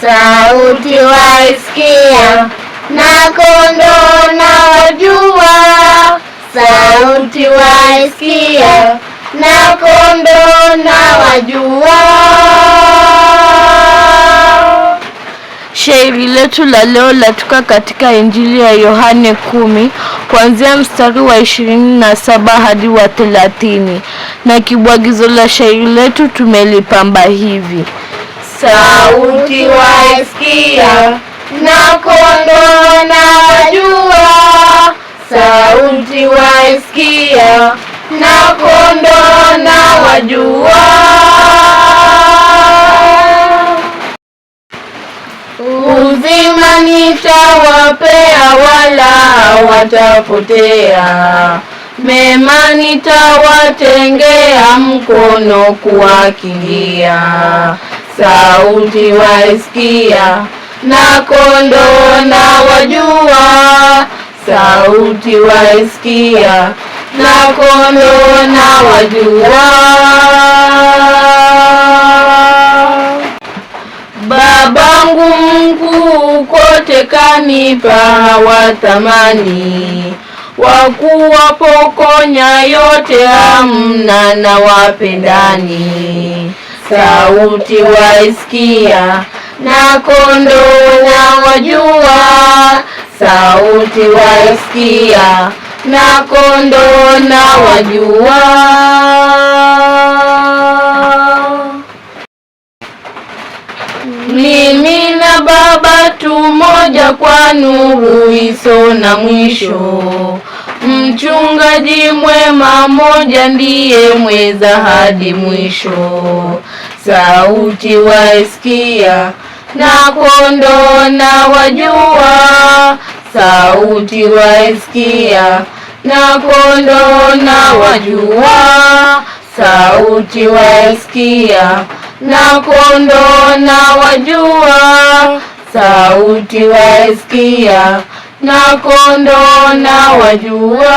sauti waisikia na kondoo na wajua, sauti waisikia na kondoo na wajua. Shairi letu la leo latoka katika Injili ya Yohane kumi kuanzia mstari wa ishirini na saba hadi wa thelathini na kibwagizo la shairi letu tumelipamba hivi: sauti waisikia na kondoo na wajua, sauti waisikia na kondoo na wajua. Uzima nitawapea wala watapotea. mema nitawatengea mkono kuwakingia sauti waisikia, na kondoo na wajua, sauti waisikia, na kondoo na wajua. Babangu mkuu kote kanipa watamani wa yote, hamna na wapendani sauti waisikia, na kondoo na wajua, sauti waisikia, na kondoo na wajua. Mimi na Baba tu moja, kwa nuru iso na mwisho Mchungaji mwema moja ndiye mweza hadi mwisho, sauti waisikia na kondoo na wajua, sauti waisikia na kondoo na wajua, sauti waisikia na kondoo na wajua, sauti waisikia na kondoo na wajua,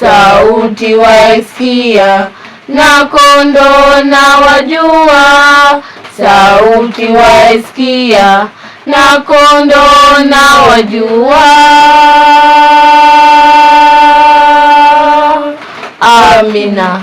sauti waisikia, na kondoo na wajua, sauti waisikia, na kondoo na wajua. Amina.